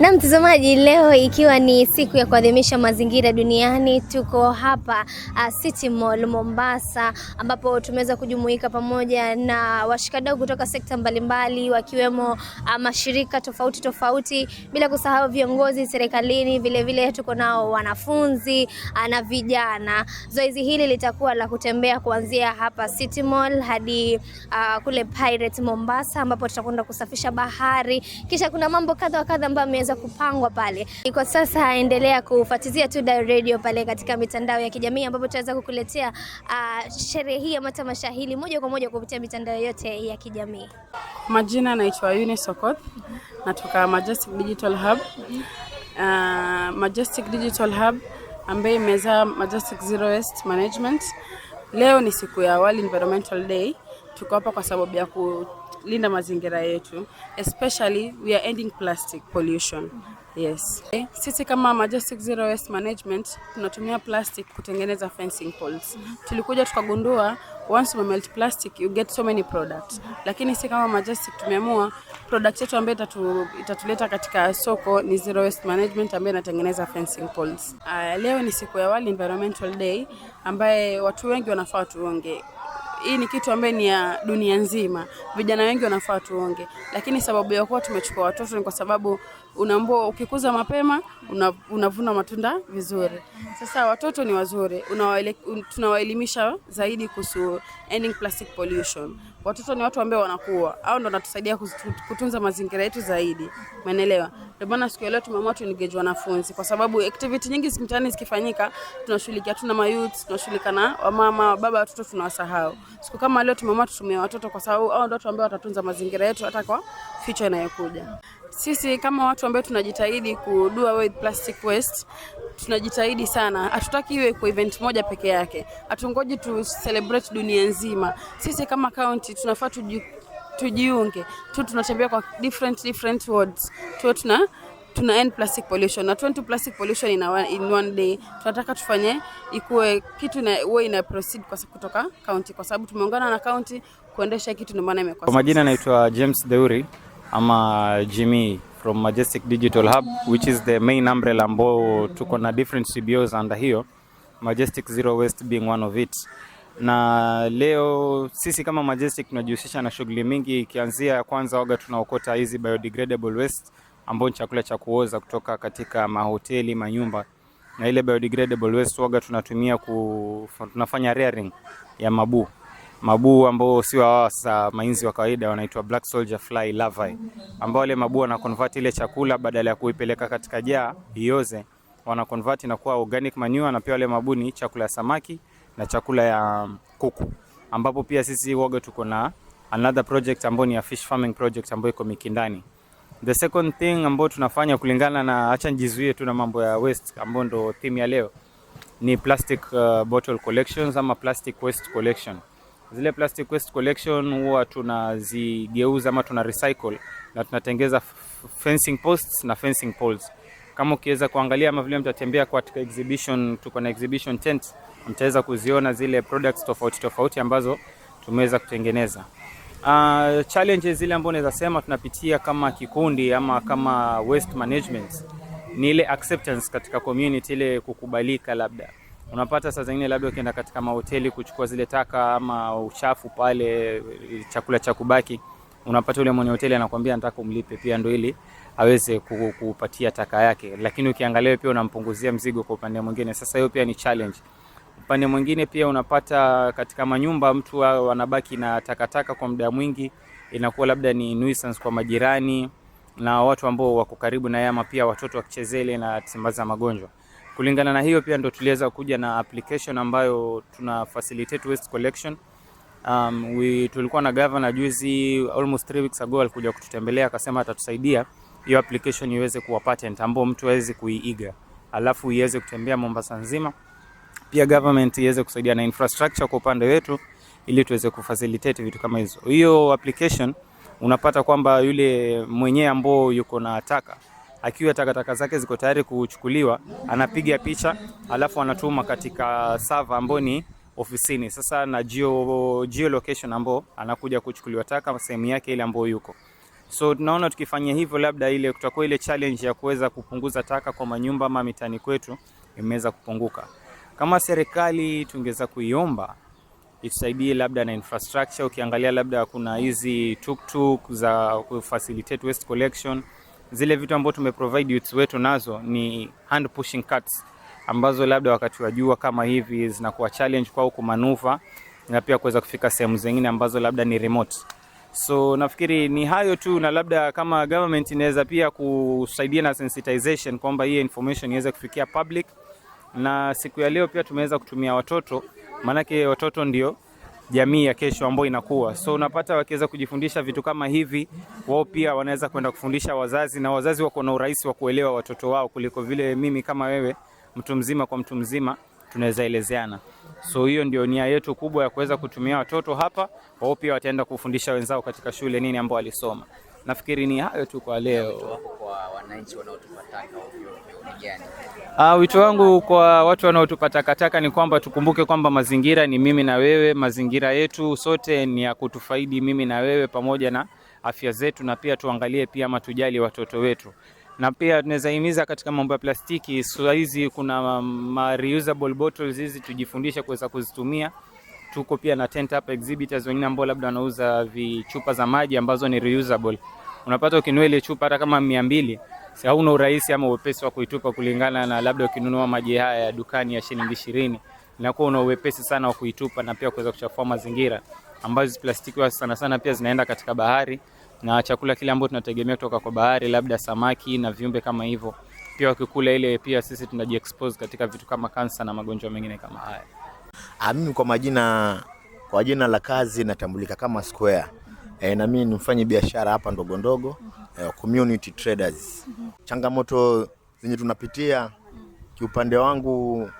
Na mtazamaji, leo ikiwa ni siku ya kuadhimisha mazingira duniani, tuko hapa uh, City Mall Mombasa, ambapo tumeweza kujumuika pamoja na washikadau kutoka sekta mbalimbali wakiwemo uh, mashirika tofauti tofauti, bila kusahau viongozi serikalini, vilevile tuko nao wanafunzi uh, na vijana. Zoezi hili litakuwa la kutembea kuanzia hapa City Mall hadi uh, kule Pirate Mombasa, ambapo tutakwenda kusafisha bahari, kisha kuna mambo kadha wa kadha ambayo ziliweza kupangwa pale. Kwa sasa endelea kufuatilia Tuda Radio pale katika mitandao ya kijamii ambapo tutaweza kukuletea uh, sherehe hii ama tamasha hili moja kwa moja kupitia mitandao yote ya kijamii. Majina naitwa Uni Sokoth, natoka Majestic Digital Hub. Uh, Majestic Digital Hub ambaye imezaa Majestic Zero Waste Management. Leo ni siku ya World Environmental Day. Tuko hapa kwa sababu ya ku linda mazingira yetu, especially we are ending plastic pollution. Yes. Sisi kama Majestic Zero Waste Management tunatumia plastic kutengeneza fencing poles. Tulikuja tukagundua once we melt plastic you get so many products. Lakini sisi kama Majestic tumeamua product yetu ambayo itatu, itatuleta katika soko ni Zero Waste Management ambayo inatengeneza fencing poles. Uh, leo ni siku ya World Environmental Day ambaye watu wengi wanafaa tuonge hii ni kitu ambaye ni ya dunia nzima, vijana wengi wanafaa tuonge, lakini sababu ya kuwa tumechukua watoto ni kwa sababu unaambua ukikuza mapema unavuna matunda vizuri. Sasa watoto ni wazuri, tunawaelimisha zaidi kuhusu ending plastic pollution. Watoto ni watu ambao wanakuwa au ndo wanatusaidia kutunza mazingira yetu zaidi, umeelewa? Ndio maana siku leo tumeamua tuengage wanafunzi, kwa sababu activity nyingi mtaani zikifanyika, tunashughulikia tuna mayouth, tunashughulika na wamama, baba, watoto tunawasahau. Siku kama leo tumeamua tutumie watoto, kwa sababu au ndo watu ambao watatunza mazingira yetu hata kwa future inayokuja. Sisi kama watu ambao tunajitahidi kudu away with plastic waste, tunajitahidi sana. Hatutaki iwe kwa event moja peke yake, hatungoji tu celebrate dunia nzima. Sisi kama county tunafaa tuji, tujiunge tu, tunatembea kwa different different wards tu, tuna tuna end plastic pollution na twenty plastic pollution in, one, in one day. Tunataka tufanye ikuwe kitu na wewe ina proceed kwa kutoka county, kwa sababu tumeungana na county kuendesha kitu, ndio maana imekuwa. Kwa majina naitwa James Deuri ama Jimmy from Majestic Digital Hub which is the main umbrella ambao tuko na different CBOs under hiyo, Majestic Zero Waste being one of it. Na leo sisi kama Majestic tunajihusisha na shughuli mingi, ikianzia kwanza, waga tunaokota hizi biodegradable waste ambao ni chakula cha kuoza kutoka katika mahoteli, manyumba na ile biodegradable waste waga tunatumia ku, tunafanya rearing ya mabuu mabuu ambao si wa sasa, mainzi wa kawaida wanaitwa black soldier fly larvae, ambao wale mabuu wana convert ile chakula badala ya kuipeleka katika jaa ioze, wana convert na kuwa organic manure, na pia wale mabuu ni chakula ya samaki na chakula ya mm, kuku, ambapo pia sisi woga tuko na another project ambayo ni ya fish farming project ambayo iko Mikindani. The second thing ambayo tunafanya kulingana na, acha nijizuie tu na mambo ya waste ambayo ndo theme ya leo, ni plastic uh, bottle collections ama plastic waste collection Zile plastic waste collection huwa tunazigeuza ama tuna recycle na tunatengeza fencing posts na fencing poles. Kama ukiweza kuangalia ama vile mtatembea katika exhibition, tuko na exhibition tent, mtaweza kuziona zile products tofauti tofauti ambazo tumeweza kutengeneza. Uh, challenges zile ambazo naweza sema tunapitia kama kikundi ama kama waste management ni ile acceptance katika community, ile kukubalika labda Unapata saa zingine labda ukienda katika mahoteli kuchukua zile taka ama uchafu pale, chakula cha kubaki, unapata yule mwenye hoteli anakuambia nataka umlipe pia ndo ili aweze kupatia taka yake, lakini ukiangalia pia unampunguzia mzigo kwa upande mwingine. Sasa hiyo pia ni challenge. Upande mwingine pia unapata katika manyumba mtu anabaki na takataka kwa muda mwingi, inakuwa labda ni nuisance kwa majirani na watu ambao wako karibu na yama, pia watoto wakichezele na tisambaza magonjwa. Kulingana na hiyo pia ndo tuliweza kuja na application ambayo tuna facilitate waste collection. Um, we, tulikuwa na governor juzi almost 3 weeks ago alikuja kututembelea akasema atatusaidia hiyo application iweze kuwa patent ambayo mtu aweze kuiiga, alafu iweze kutembea Mombasa nzima. Pia government iweze kusaidia na infrastructure kwa upande wetu ili tuweze kufacilitate vitu kama hizo. Hiyo application unapata kwamba yule mwenyewe ambao yuko na taka akiwa takataka zake ziko tayari kuchukuliwa, anapiga picha alafu anatuma katika server ambayo ni ofisini. Sasa na geo, geo location ambayo anakuja kuchukuliwa taka sehemu yake ile ambayo yuko. So tunaona tukifanya hivyo, labda ile kutakuwa ile challenge ya kuweza kupunguza taka kwa manyumba ama mitani kwetu imeweza kupunguka. Kama serikali tungeweza kuiomba itusaidie labda na infrastructure. Ukiangalia labda kuna hizi tuktuk za facilitate waste collection zile vitu ambazo tumeprovide youth wetu nazo ni hand pushing carts ambazo labda wakati wa jua kama hivi zinakuwa challenge kwao kumanuva na pia kuweza kufika sehemu zingine ambazo labda ni remote. So nafikiri ni hayo tu, na labda kama government inaweza pia kusaidia na sensitization kwamba hii information iweze kufikia public. Na siku ya leo pia tumeweza kutumia watoto, maanake watoto ndio jamii ya kesho ambayo inakuwa. So unapata wakiweza kujifundisha vitu kama hivi, wao pia wanaweza kwenda kufundisha wazazi, na wazazi wako na urahisi wa kuelewa watoto wao kuliko vile mimi kama wewe, mtu mzima kwa mtu mzima, tunaweza elezeana. So hiyo ndio nia yetu kubwa ya kuweza kutumia watoto hapa, wao pia wataenda kufundisha wenzao katika shule nini ambao walisoma. Nafikiri ni hayo tu kwa leo. Uh, wito wangu kwa watu wanaotupa takataka ni kwamba tukumbuke kwamba mazingira ni mimi na wewe, mazingira yetu sote ni ya kutufaidi mimi na wewe pamoja na afya zetu, na pia tuangalie pia ama tujali watoto wetu, na pia tunaweza himiza katika mambo ya plastiki. Sasa hizi kuna ma reusable bottles hizi, tujifundishe kuweza kuzitumia. Tuko pia na tent up exhibitors wengine ambao labda wanauza vichupa za maji ambazo ni reusable. Unapata ukinua ile chupa hata kama mia mbili si hauna urahisi ama uwepesi wa kuitupa, kulingana na labda ukinunua maji haya ya dukani ya shilingi ishirini inakuwa una uwepesi sana wa kuitupa na pia kuweza kuchafua mazingira, ambazo plastiki wa sana sana pia zinaenda katika bahari na chakula kile ambacho tunategemea kutoka kwa bahari, labda samaki na viumbe kama hivyo, pia wakikula ile, pia sisi tunajiexpose katika vitu kama kansa na magonjwa mengine kama haya. Ah, mimi kwa majina kwa jina la kazi natambulika kama Square. E, na mimi ni mfanye biashara hapa ndogo ndogo uh, community traders. Changamoto zenye tunapitia kiupande wangu,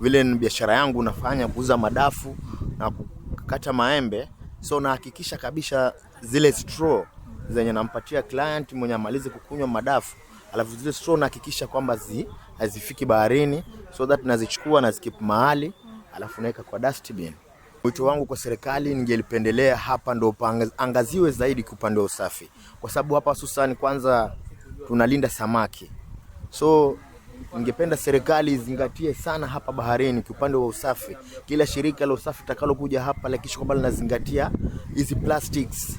vile ni biashara yangu nafanya kuuza madafu na kukata maembe, so nahakikisha kabisa zile straw zenye nampatia client mwenye amalize kukunywa madafu, alafu zile straw nahakikisha kwamba zi hazifiki baharini, so that nazichukua na skip mahali, alafu naweka kwa dustbin. Wito wangu kwa serikali, ningelipendelea hapa ndo angaziwe zaidi kupande wa usafi, kwa sababu hapa hususan kwanza tunalinda samaki, so ningependa serikali izingatie sana hapa baharini kwa upande wa usafi. Kila shirika la usafi takalokuja hapa lakisha kwamba linazingatia hizi plastics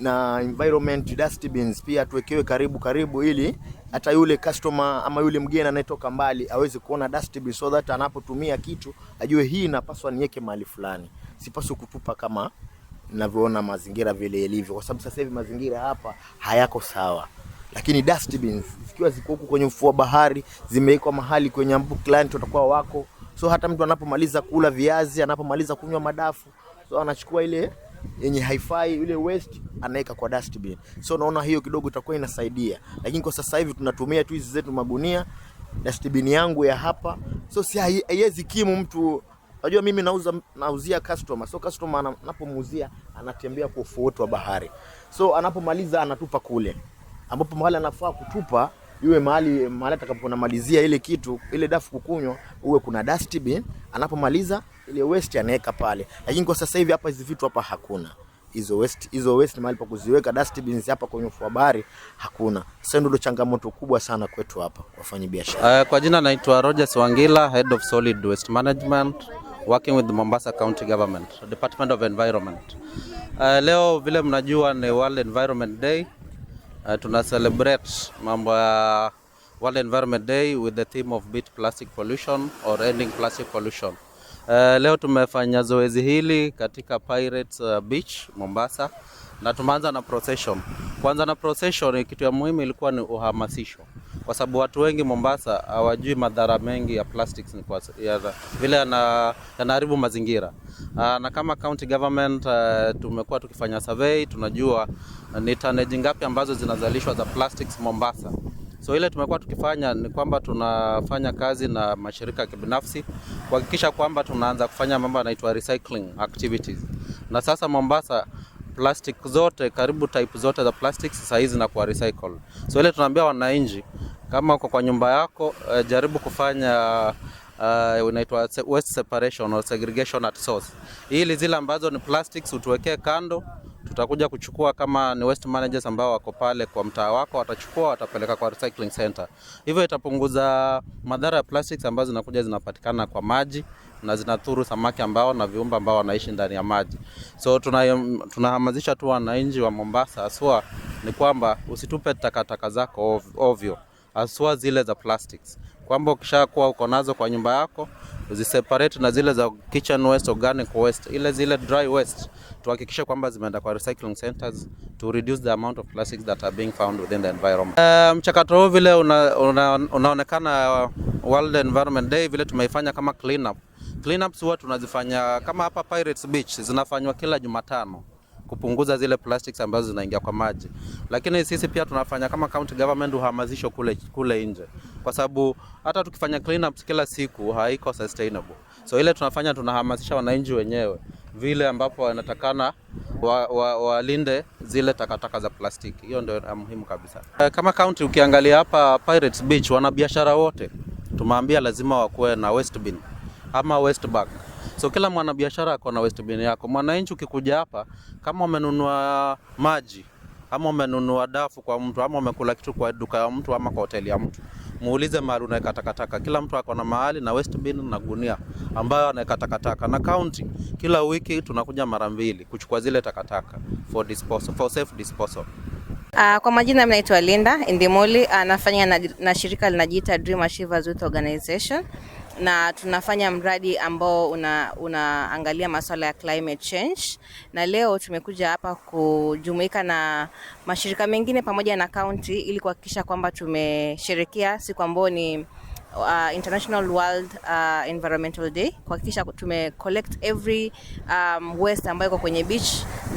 na environment dustbins pia tuwekewe karibu karibu, ili hata yule customer ama yule mgeni anayetoka mbali aweze kuona dustbin, so that anapotumia kitu ajue hii inapaswa niweke mahali fulani sipaswi kutupa kama navyoona mazingira vile yalivyo, kwa sababu sasa hivi mazingira hapa hayako sawa. Lakini dustbins zikiwa ziko huku kwenye ufuo wa bahari, zimewekwa mahali kwenye ambapo client watakuwa wako, so hata mtu anapomaliza kula viazi, anapomaliza kunywa madafu, so anachukua ile yenye haifai ile waste anaweka kwa dustbin. So naona hiyo kidogo itakuwa inasaidia, lakini kwa sasa hivi tunatumia tu hizi zetu magunia. Dustbin yangu ya hapa, so si haiwezi kimu mtu Unajua mimi nauza nauzia customer. So customer anapomuuzia anatembea kwa ufuoto wa bahari. So anapomaliza anatupa kule. Ambapo mahali anafaa kutupa iwe mahali mahali atakaponamalizia ile kitu ile dafu kukunywa, uwe kuna dustbin. Anapomaliza ile waste anaweka pale, lakini kwa sasa hivi hapa hizi vitu hapa hakuna hizo waste, hizo waste mahali pa kuziweka dustbins hapa kwenye ufuo wa bahari hakuna. Sasa ndio changamoto kubwa sana kwetu hapa wafanyabiashara. Uh, kwa jina naitwa Rogers Wangila, Head of Solid Waste Management working with the Mombasa County Government, Department of Environment. Uh, leo vile mnajua ni World Environment Day. Uh, tuna celebrate mambo ya World Environment Day with the theme of beat plastic pollution or ending plastic pollution. Uh, leo tumefanya zoezi hili katika Pirates uh, Beach Mombasa na tumeanza na procession. Kwanza na procession kitu ya muhimu ilikuwa ni uhamasisho kwa sababu watu wengi Mombasa hawajui madhara mengi ya plastics ni kwa ya, vile yanaharibu mazingira. uh, na kama county government uh, tumekuwa tukifanya survey, tunajua uh, ni tonnage ngapi ambazo zinazalishwa za plastics Mombasa. So ile tumekuwa tukifanya ni kwamba tunafanya kazi na mashirika ya kibinafsi kuhakikisha kwamba tunaanza kufanya mambo yanaitwa recycling activities. Na sasa Mombasa plastic zote karibu type zote za plastics sasa hizi na kuwa recycle. So ile tunaambia wananchi kama uko kwa nyumba yako uh, jaribu kufanya uh, unaitwa waste separation or segregation at source, ili zile ambazo ni plastics utuwekee kando. Tutakuja kuchukua kama ni waste managers ambao wako pale kwa mtaa wako, watachukua watapeleka kwa recycling center. Hivyo itapunguza madhara ya plastics ambazo zinakuja zinapatikana kwa maji na zinathuru samaki ambao na viumbe ambao wanaishi ndani ya maji. So tunahamasisha tuna tu wananchi wa Mombasa aswa ni kwamba usitupe takataka zako ovyo haswa zile za plastics, kwamba ukishakuwa uko nazo kwa nyumba yako uziseparate na zile za kitchen waste, organic waste, ile zile dry waste, tuhakikishe kwamba zimeenda kwa recycling centers to reduce the amount of plastics that are being found within the environment. Uh, mchakato huu vile una, una, unaonekana uh, World Environment Day vile tumeifanya kama clean up. Clean ups huwa tunazifanya kama hapa Pirates Beach zinafanywa kila Jumatano kupunguza zile plastics ambazo zinaingia kwa maji. Lakini sisi pia tunafanya kama county government uhamasisho kule, kule nje, kwa sababu hata tukifanya clean ups kila siku haiko sustainable. So ile tunafanya tunahamasisha wananchi wenyewe vile ambapo wanatakana walinde wa, wa zile takataka za plastiki. Hiyo ndio muhimu kabisa. Eh, kama county ukiangalia hapa Pirates Beach, wanabiashara wote tumeambia lazima wakuwe na waste bin ama waste bag. So kila mwanabiashara ako na waste bin yako. Mwananchi ukikuja hapa, kama umenunua maji ama umenunua dafu kwa mtu ama umekula kitu kwa duka ya mtu ama kwa hoteli ya mtu, muulize mahali unaweka takataka. Kila mtu ako na mahali na waste bin na gunia ambayo anaweka takataka, na county kila wiki tunakuja mara mbili kuchukua zile takataka for disposal, for safe disposal. Uh, kwa majina mnaitwa Linda Indimoli, anafanya ah, uh, na, na shirika linajiita Dream Achievers Youth Organization na tunafanya mradi ambao una, unaangalia masuala ya climate change, na leo tumekuja hapa kujumuika na mashirika mengine pamoja na kaunti ili kuhakikisha kwamba tumesherekea siku ambayo ni Uh, International World uh, Environmental Day kuhakikisha tume collect every um, waste ambayo iko kwenye beach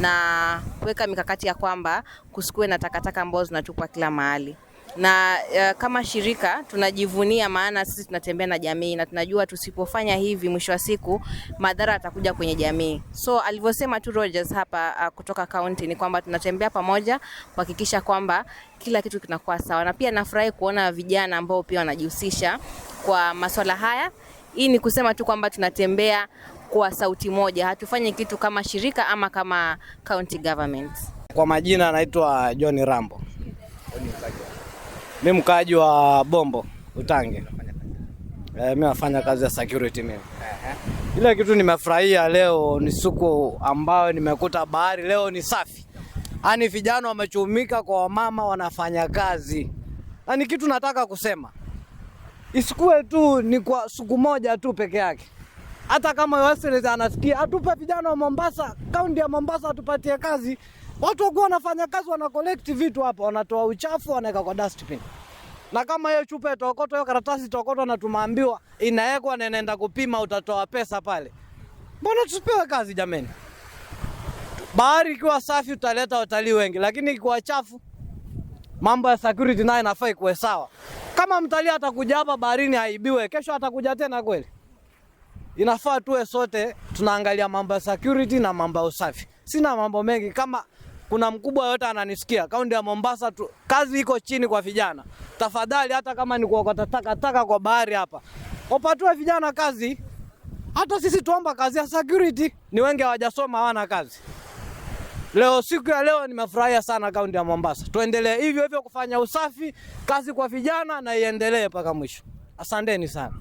na kuweka mikakati ya kwamba kusikuwe na takataka ambazo zinatupwa kila mahali na uh, kama shirika tunajivunia, maana sisi tunatembea na jamii na tunajua tusipofanya hivi, mwisho wa siku madhara atakuja kwenye jamii. So alivyosema tu Rogers hapa uh, kutoka kaunti ni kwamba tunatembea pamoja kuhakikisha kwamba kila kitu kinakuwa sawa, na pia nafurahi kuona vijana ambao pia wanajihusisha kwa masuala haya. Hii ni kusema tu kwamba tunatembea kwa sauti moja, hatufanyi kitu kama shirika ama kama county government. Kwa majina anaitwa John Rambo. Mi mkaaji wa Bombo Utange. Eh, mi nafanya kazi ya security mimi. Ile kitu nimefurahia leo ni siku ambayo nimekuta bahari leo ni safi, yaani vijana wamechumika kwa wamama wanafanya kazi. ni kitu nataka kusema isikue tu ni kwa siku moja tu peke yake, hata kama anasikia atupe vijana wa Mombasa, kaunti ya Mombasa atupatie kazi. Watu wakuwa wanafanya kazi wana collect vitu hapa, wanatoa uchafu wanaweka kwa dustbin. Na kama hiyo chupa itaokotwa, hiyo karatasi itaokotwa na tumeambiwa inawekwa na inaenda kupima, utatoa pesa pale. Mbona tusipewe kazi jameni? Bahari ikiwa safi utaleta watalii wengi, lakini ikiwa chafu mambo ya security nayo inafaa kuwe sawa. Kama mtalii atakuja hapa baharini aibiwe, kesho atakuja tena kweli? Inafaa tuwe sote tunaangalia mambo ya security na mambo ya usafi, sina mambo mengi kama kuna mkubwa yote ananisikia, kaunti ya Mombasa tu, kazi iko chini kwa vijana. Tafadhali, hata kama ni kuokota takataka kwa bahari hapa, wapatue vijana kazi. Hata sisi tuomba kazi ya security, ni wengi hawajasoma, hawana kazi. Leo siku ya leo nimefurahia sana kaunti ya Mombasa. Tuendelee hivyo hivyo kufanya usafi, kazi kwa vijana na iendelee mpaka mwisho. Asanteni sana.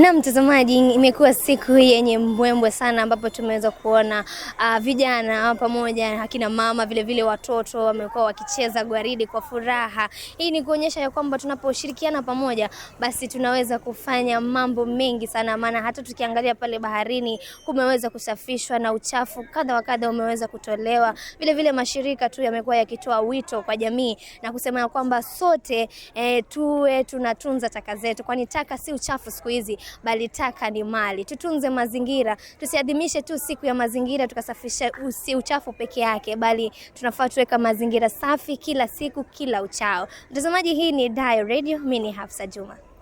Na mtazamaji, imekuwa siku yenye mbwembwe sana, ambapo tumeweza kuona uh, vijana pamoja akina mama vilevile vile watoto wamekuwa wakicheza gwaridi kwa furaha. Hii ni kuonyesha ya kwamba tunaposhirikiana pamoja, basi tunaweza kufanya mambo mengi sana, maana hata tukiangalia pale baharini kumeweza kusafishwa na uchafu kadha wa kadha umeweza kutolewa. Vilevile vile mashirika tu yamekuwa yakitoa wito kwa jamii na kusema ya kwamba sote eh, tuwe tunatunza taka zetu, kwani taka si uchafu siku hizi, bali taka ni mali. Tutunze mazingira, tusiadhimishe tu siku ya mazingira tukasafisha usi uchafu peke yake, bali tunafaa tuweka mazingira safi kila siku, kila uchao. Mtazamaji, hii ni Dayo Radio, mimi ni Hafsa Juma.